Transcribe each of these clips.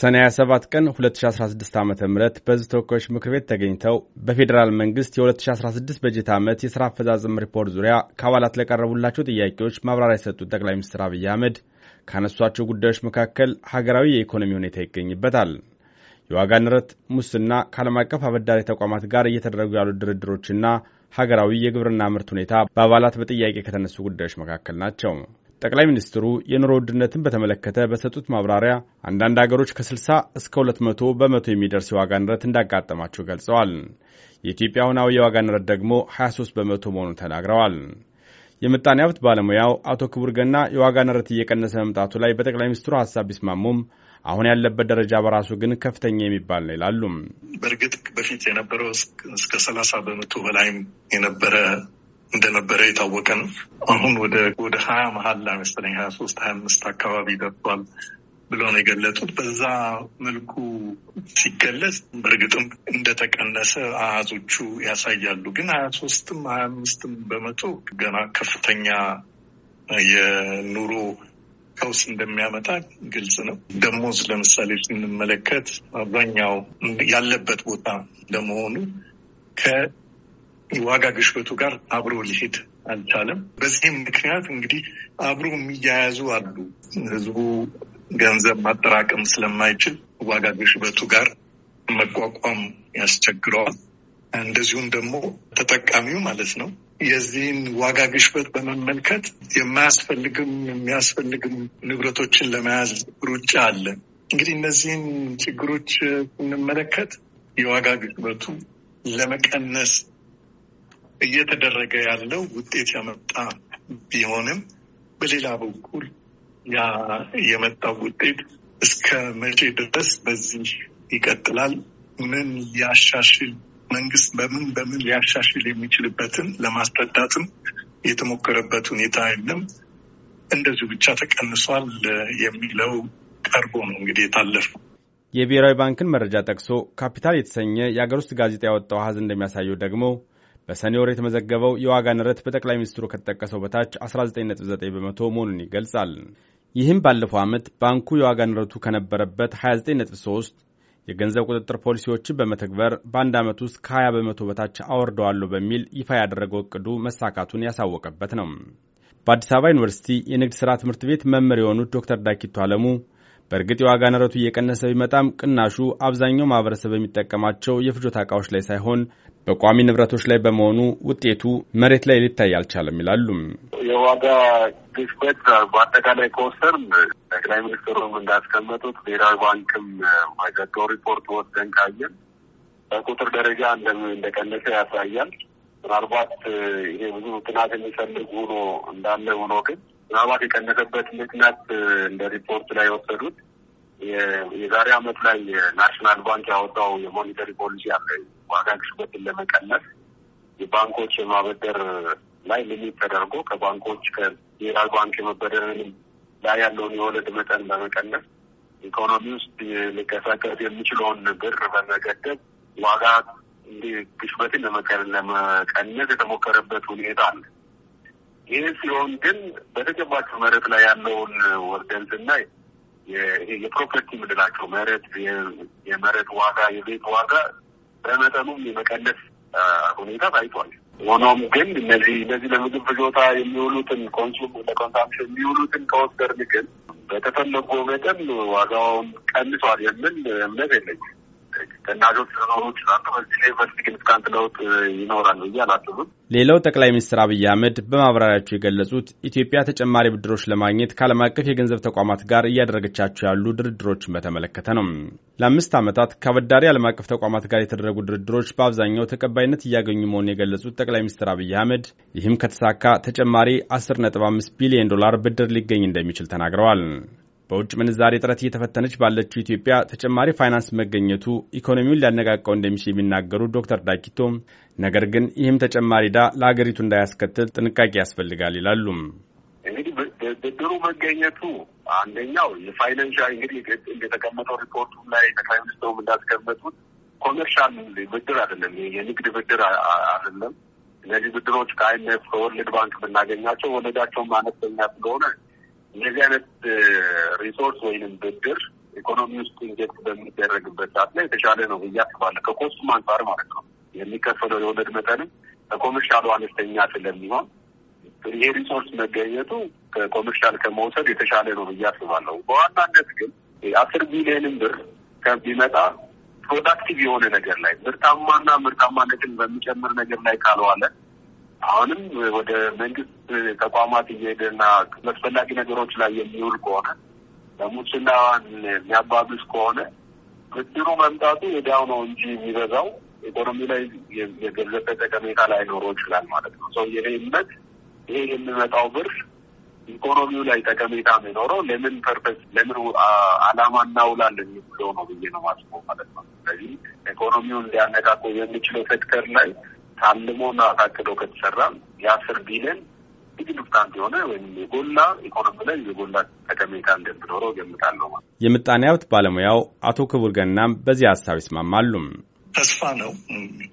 ሰኔ 27 ቀን 2016 ዓ ም በሕዝብ ተወካዮች ምክር ቤት ተገኝተው በፌዴራል መንግስት የ2016 በጀት ዓመት የሥራ አፈጻጸም ሪፖርት ዙሪያ ከአባላት ለቀረቡላቸው ጥያቄዎች ማብራሪያ የሰጡት ጠቅላይ ሚኒስትር አብይ አህመድ ካነሷቸው ጉዳዮች መካከል ሀገራዊ የኢኮኖሚ ሁኔታ ይገኝበታል። የዋጋ ንረት፣ ሙስና፣ ከዓለም አቀፍ አበዳሪ ተቋማት ጋር እየተደረጉ ያሉት ድርድሮችና ሀገራዊ የግብርና ምርት ሁኔታ በአባላት በጥያቄ ከተነሱ ጉዳዮች መካከል ናቸው። ጠቅላይ ሚኒስትሩ የኑሮ ውድነትን በተመለከተ በሰጡት ማብራሪያ አንዳንድ አገሮች ከ60 እስከ 200 በመቶ የሚደርስ የዋጋ ንረት እንዳጋጠማቸው ገልጸዋል። የኢትዮጵያ አሁናዊ የዋጋ ንረት ደግሞ 23 በመቶ መሆኑን ተናግረዋል። የምጣኔ ሀብት ባለሙያው አቶ ክቡር ገና የዋጋ ንረት እየቀነሰ መምጣቱ ላይ በጠቅላይ ሚኒስትሩ ሀሳብ ቢስማሙም አሁን ያለበት ደረጃ በራሱ ግን ከፍተኛ የሚባል ነው ይላሉ። በእርግጥ በፊት የነበረው እስከ ሰላሳ በመቶ በላይም የነበረ እንደነበረ የታወቀ ነው። አሁን ወደ ወደ ሀያ መሀል ላይ መሰለኝ ሀያ ሶስት ሀያ አምስት አካባቢ ደርሷል ብሎ ነው የገለጡት። በዛ መልኩ ሲገለጽ በእርግጥም እንደተቀነሰ አሃዞቹ ያሳያሉ። ግን ሀያ ሶስትም ሀያ አምስትም በመቶ ገና ከፍተኛ የኑሮ ቀውስ እንደሚያመጣ ግልጽ ነው። ደሞዝ ለምሳሌ ስንመለከት አብዛኛው ያለበት ቦታ እንደመሆኑ ዋጋ ግሽበቱ ጋር አብሮ ሊሄድ አልቻለም። በዚህም ምክንያት እንግዲህ አብሮ የሚያያዙ አሉ። ህዝቡ ገንዘብ ማጠራቀም ስለማይችል ዋጋ ግሽበቱ ጋር መቋቋም ያስቸግረዋል። እንደዚሁም ደግሞ ተጠቃሚው ማለት ነው የዚህን ዋጋ ግሽበት በመመልከት የማያስፈልግም የሚያስፈልግም ንብረቶችን ለመያዝ ሩጫ አለ። እንግዲህ እነዚህን ችግሮች ስንመለከት የዋጋ ግሽበቱ ለመቀነስ እየተደረገ ያለው ውጤት ያመጣ ቢሆንም በሌላ በኩል ያ የመጣው ውጤት እስከ መቼ ድረስ በዚህ ይቀጥላል? ምን ሊያሻሽል መንግስት በምን በምን ሊያሻሽል የሚችልበትን ለማስረዳትም የተሞከረበት ሁኔታ የለም። እንደዚሁ ብቻ ተቀንሷል የሚለው ቀርቦ ነው እንግዲህ የታለፈው። የብሔራዊ ባንክን መረጃ ጠቅሶ ካፒታል የተሰኘ የአገር ውስጥ ጋዜጣ ያወጣው አሃዝ እንደሚያሳየው ደግሞ በሰኔ ወር የተመዘገበው የዋጋ ንረት በጠቅላይ ሚኒስትሩ ከተጠቀሰው በታች 19.9 በመቶ መሆኑን ይገልጻል። ይህም ባለፈው ዓመት ባንኩ የዋጋ ንረቱ ከነበረበት 29.3 የገንዘብ ቁጥጥር ፖሊሲዎችን በመተግበር በአንድ ዓመት ውስጥ ከ20 በመቶ በታች አወርደዋለሁ በሚል ይፋ ያደረገው እቅዱ መሳካቱን ያሳወቀበት ነው። በአዲስ አበባ ዩኒቨርሲቲ የንግድ ሥራ ትምህርት ቤት መምህር የሆኑት ዶክተር ዳኪቶ አለሙ በእርግጥ የዋጋ ንረቱ እየቀነሰ ቢመጣም ቅናሹ አብዛኛው ማህበረሰብ የሚጠቀማቸው የፍጆታ ዕቃዎች ላይ ሳይሆን በቋሚ ንብረቶች ላይ በመሆኑ ውጤቱ መሬት ላይ ሊታይ አልቻለም ይላሉም። የዋጋ ግሽበት በአጠቃላይ ከወሰን ጠቅላይ ሚኒስትሩም እንዳስቀመጡት ብሔራዊ ባንክም በሰጠው ሪፖርት ወስደን ካየን በቁጥር ደረጃ እንደቀነሰ ያሳያል። ምናልባት ይሄ ብዙ ጥናት የሚፈልግ ሆኖ እንዳለ ሆኖ ግን ምናልባት የቀነሰበት ምክንያት እንደ ሪፖርት ላይ የወሰዱት የዛሬ አመት ላይ የናሽናል ባንክ ያወጣው የሞኔተሪ ፖሊሲ አለ። ዋጋ ግሽበትን ለመቀነስ የባንኮች የማበደር ላይ ሊሚት ተደርጎ ከባንኮች ከብሔራዊ ባንክ የመበደርን ላይ ያለውን የወለድ መጠን በመቀነስ ኢኮኖሚ ውስጥ ሊቀሳቀስ የሚችለውን ብር በመገደብ ዋጋ ግሽበትን ለመቀነስ የተሞከረበት ሁኔታ አለ። ይህ ሲሆን ግን በተጨባጭ መሬት ላይ ያለውን ወርደን ስናይ የፕሮፐርቲ የምንላቸው መሬት፣ የመሬት ዋጋ፣ የቤት ዋጋ በመጠኑም የመቀነስ ሁኔታ ታይቷል። ሆኖም ግን እነዚህ እነዚህ ለምግብ ፍጆታ የሚውሉትን ኮንሱም ለኮንሳምፕሽን የሚውሉትን ከወሰድን ግን በተፈለገው መጠን ዋጋውን ቀንሷል የሚል እምነት የለኝም። ተናዶች ሊኖሩ ይችላሉ። በዚህ ላይ በሲግኒፊካንት ለውጥ ይኖራል ብዬ አላስብም። ሌላው ጠቅላይ ሚኒስትር አብይ አህመድ በማብራሪያቸው የገለጹት ኢትዮጵያ ተጨማሪ ብድሮች ለማግኘት ከዓለም አቀፍ የገንዘብ ተቋማት ጋር እያደረገቻቸው ያሉ ድርድሮችን በተመለከተ ነው። ለአምስት ዓመታት ከአበዳሪ ዓለም አቀፍ ተቋማት ጋር የተደረጉ ድርድሮች በአብዛኛው ተቀባይነት እያገኙ መሆኑን የገለጹት ጠቅላይ ሚኒስትር አብይ አህመድ ይህም ከተሳካ ተጨማሪ 10.5 ቢሊዮን ዶላር ብድር ሊገኝ እንደሚችል ተናግረዋል። በውጭ ምንዛሬ እጥረት እየተፈተነች ባለችው ኢትዮጵያ ተጨማሪ ፋይናንስ መገኘቱ ኢኮኖሚውን ሊያነቃቀው እንደሚችል የሚናገሩት ዶክተር ዳኪቶ ነገር ግን ይህም ተጨማሪ ዕዳ ለሀገሪቱ እንዳያስከትል ጥንቃቄ ያስፈልጋል ይላሉም። እንግዲህ ብድሩ መገኘቱ አንደኛው የፋይናንሻል እንግዲህ እንደተቀመጠው ሪፖርቱ ላይ ጠቅላይ ሚኒስትሩም እንዳስቀመጡት ኮመርሻል ብድር አይደለም፣ የንግድ ብድር አይደለም። እነዚህ ብድሮች ከአይነት ከወርልድ ባንክ የምናገኛቸው ወለዳቸውም አነስተኛ ስለሆነ እንደዚህ አይነት ሪሶርስ ወይንም ብድር ኢኮኖሚ ውስጥ ኢንጀክት በሚደረግበት ሰዓት ላይ የተሻለ ነው ብዬ አስባለሁ። ከኮስቱም አንጻር ማለት ነው። የሚከፈለው የወለድ መጠንም ከኮመርሻሉ አነስተኛ ስለሚሆን ይሄ ሪሶርስ መገኘቱ ከኮመርሻል ከመውሰድ የተሻለ ነው ብዬ አስባለሁ። በዋናነት ግን አስር ቢሊዮንም ብር ከሚመጣ ፕሮዳክቲቭ የሆነ ነገር ላይ ምርታማና ምርታማነትን በሚጨምር ነገር ላይ ካልዋለ አሁንም ወደ መንግስት ተቋማት እየሄደና አስፈላጊ ነገሮች ላይ የሚውል ከሆነ ለሙስናዋን የሚያባብስ ከሆነ ብድሩ መምጣቱ የዳው ነው እንጂ የሚበዛው ኢኮኖሚ ላይ የገለጠ ጠቀሜታ ላይኖረው ይችላል ማለት ነው። ሰው የኔ እምነት ይሄ የሚመጣው ብር ኢኮኖሚው ላይ ጠቀሜታ የሚኖረው ለምን ፐርፐስ ለምን አላማ እናውላለን የሚለው ነው ብዬ ነው ማስቦ ማለት ነው። ስለዚህ ኢኮኖሚውን ሊያነቃቆ የሚችለው ሴክተር ላይ ታልሞና ታቅዶ ከተሰራ የአስር ቢሊዮን ሲግኒፊካንት የሆነ ወይም የጎላ ኢኮኖሚ ላይ የጎላ ጠቀሜታ እንደምኖረው ገምታለሁ። ማለት የምጣኔ ሀብት ባለሙያው አቶ ክቡር ገናም በዚህ ሀሳብ ይስማማሉ። ተስፋ ነው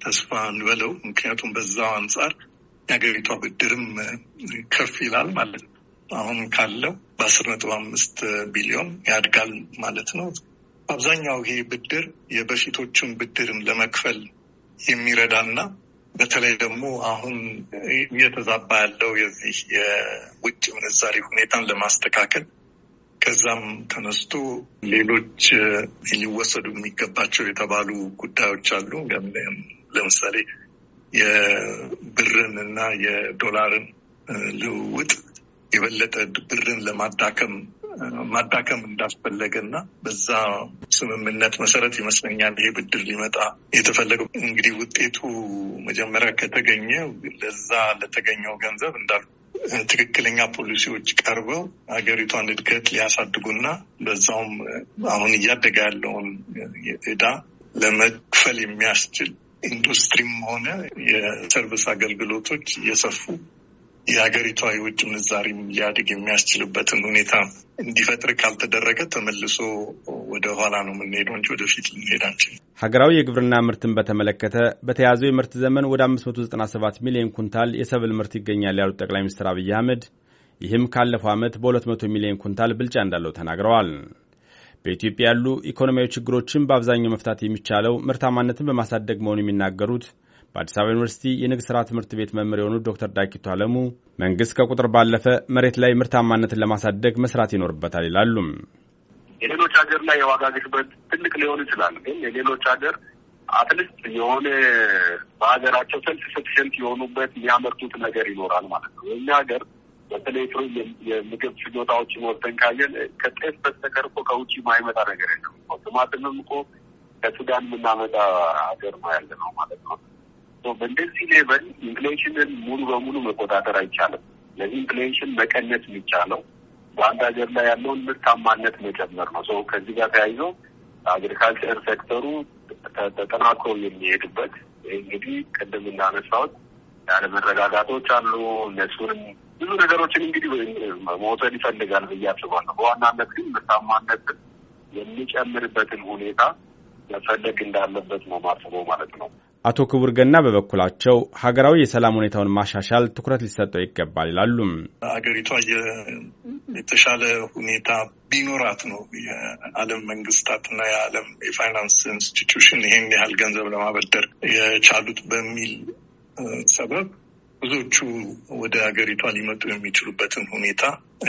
ተስፋ እንበለው። ምክንያቱም በዛው አንጻር የሀገሪቷ ብድርም ከፍ ይላል ማለት ነው። አሁን ካለው በአስር ነጥብ አምስት ቢሊዮን ያድጋል ማለት ነው። አብዛኛው ይሄ ብድር የበፊቶቹን ብድርም ለመክፈል የሚረዳና በተለይ ደግሞ አሁን እየተዛባ ያለው የዚህ የውጭ ምንዛሪ ሁኔታን ለማስተካከል ከዛም ተነስቶ ሌሎች ሊወሰዱ የሚገባቸው የተባሉ ጉዳዮች አሉ። ለምሳሌ የብርን እና የዶላርን ልውውጥ የበለጠ ብርን ለማዳከም ማዳከም እንዳስፈለገና በዛ ስምምነት መሰረት ይመስለኛል ይሄ ብድር ሊመጣ የተፈለገው። እንግዲህ ውጤቱ መጀመሪያ ከተገኘ ለዛ ለተገኘው ገንዘብ እንዳል ትክክለኛ ፖሊሲዎች ቀርበው ሀገሪቷን እድገት ሊያሳድጉና በዛውም አሁን እያደገ ያለውን እዳ ለመክፈል የሚያስችል ኢንዱስትሪም ሆነ የሰርቪስ አገልግሎቶች እየሰፉ የሀገሪቷ የውጭ ምንዛሪም ሊያድግ የሚያስችልበትን ሁኔታ እንዲፈጥር ካልተደረገ ተመልሶ ወደ ኋላ ነው የምንሄደው እንጂ ወደፊት ልንሄድ አንችልም። ሀገራዊ የግብርና ምርትን በተመለከተ በተያዘው የምርት ዘመን ወደ 597 ሚሊዮን ኩንታል የሰብል ምርት ይገኛል ያሉት ጠቅላይ ሚኒስትር አብይ አህመድ ይህም ካለፈው ዓመት በ200 ሚሊዮን ኩንታል ብልጫ እንዳለው ተናግረዋል። በኢትዮጵያ ያሉ ኢኮኖሚያዊ ችግሮችን በአብዛኛው መፍታት የሚቻለው ምርታማነትን በማሳደግ መሆኑ የሚናገሩት በአዲስ አበባ ዩኒቨርሲቲ የንግድ ሥራ ትምህርት ቤት መምህር የሆኑት ዶክተር ዳኪቶ አለሙ መንግስት ከቁጥር ባለፈ መሬት ላይ ምርታማነትን ለማሳደግ መስራት ይኖርበታል ይላሉም። የሌሎች ሀገር ላይ የዋጋ ግሽበት ትልቅ ሊሆን ይችላል፣ ግን የሌሎች ሀገር አትሊስት የሆነ በሀገራቸው ሰልፍ ሰፊሸንት የሆኑበት የሚያመርቱት ነገር ይኖራል ማለት ነው። የእኛ ሀገር በተለይ ጥሩ የምግብ ችሎታዎች ወርተን ካየን ከጤፍ በስተቀር እኮ ከውጭ ማይመጣ ነገር የለም። ቲማቲምም እኮ ከሱዳን የምናመጣ ሀገር ነው ያለ ነው ማለት ነው። በእንደዚህ ሌቨል ኢንፍሌሽንን ሙሉ በሙሉ መቆጣጠር አይቻልም። ለዚህ ኢንፍሌሽን መቀነስ የሚቻለው በአንድ ሀገር ላይ ያለውን ምርታማነት መጨመር ነው። ሰው ከዚህ ጋር ተያይዞ አግሪካልቸር ሴክተሩ ተጠናክሮ የሚሄድበት እንግዲህ ቅድም እንዳነሳሁት ያለመረጋጋቶች አሉ። እነሱንም ብዙ ነገሮችን እንግዲህ መውሰድ ይፈልጋል ብዬ አስባለሁ። በዋናነት ግን ምርታማነትን የሚጨምርበትን ሁኔታ መፈለግ እንዳለበት ነው ማስበው ማለት ነው። አቶ ክቡር ገና በበኩላቸው ሀገራዊ የሰላም ሁኔታውን ማሻሻል ትኩረት ሊሰጠው ይገባል ይላሉም። ሀገሪቷ የተሻለ ሁኔታ ቢኖራት ነው የዓለም መንግስታት እና የዓለም የፋይናንስ ኢንስቲትዩሽን ይሄን ያህል ገንዘብ ለማበደር የቻሉት በሚል ሰበብ ብዙዎቹ ወደ ሀገሪቷ ሊመጡ የሚችሉበትን ሁኔታ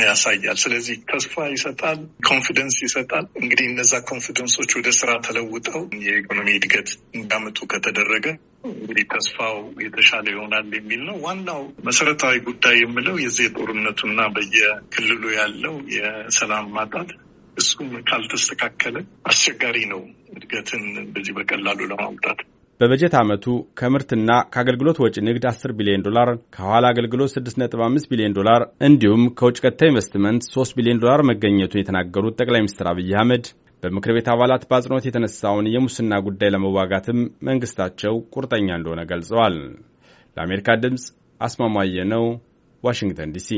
ያሳያል። ስለዚህ ተስፋ ይሰጣል፣ ኮንፊደንስ ይሰጣል። እንግዲህ እነዛ ኮንፊደንሶች ወደ ስራ ተለውጠው የኢኮኖሚ እድገት እንዳመጡ ከተደረገ እንግዲህ ተስፋው የተሻለ ይሆናል የሚል ነው። ዋናው መሰረታዊ ጉዳይ የምለው የዚህ የጦርነቱና በየክልሉ ያለው የሰላም ማጣት እሱም ካልተስተካከለ አስቸጋሪ ነው እድገትን በዚህ በቀላሉ ለማምጣት። በበጀት ዓመቱ ከምርትና ከአገልግሎት ወጪ ንግድ 10 ቢሊዮን ዶላር፣ ከኋላ አገልግሎት 6.5 ቢሊዮን ዶላር እንዲሁም ከውጭ ቀጥታ ኢንቨስትመንት 3 ቢሊዮን ዶላር መገኘቱን የተናገሩት ጠቅላይ ሚኒስትር አብይ አህመድ በምክር ቤት አባላት በአጽንኦት የተነሳውን የሙስና ጉዳይ ለመዋጋትም መንግስታቸው ቁርጠኛ እንደሆነ ገልጸዋል። ለአሜሪካ ድምፅ አስማማየ ነው፣ ዋሽንግተን ዲሲ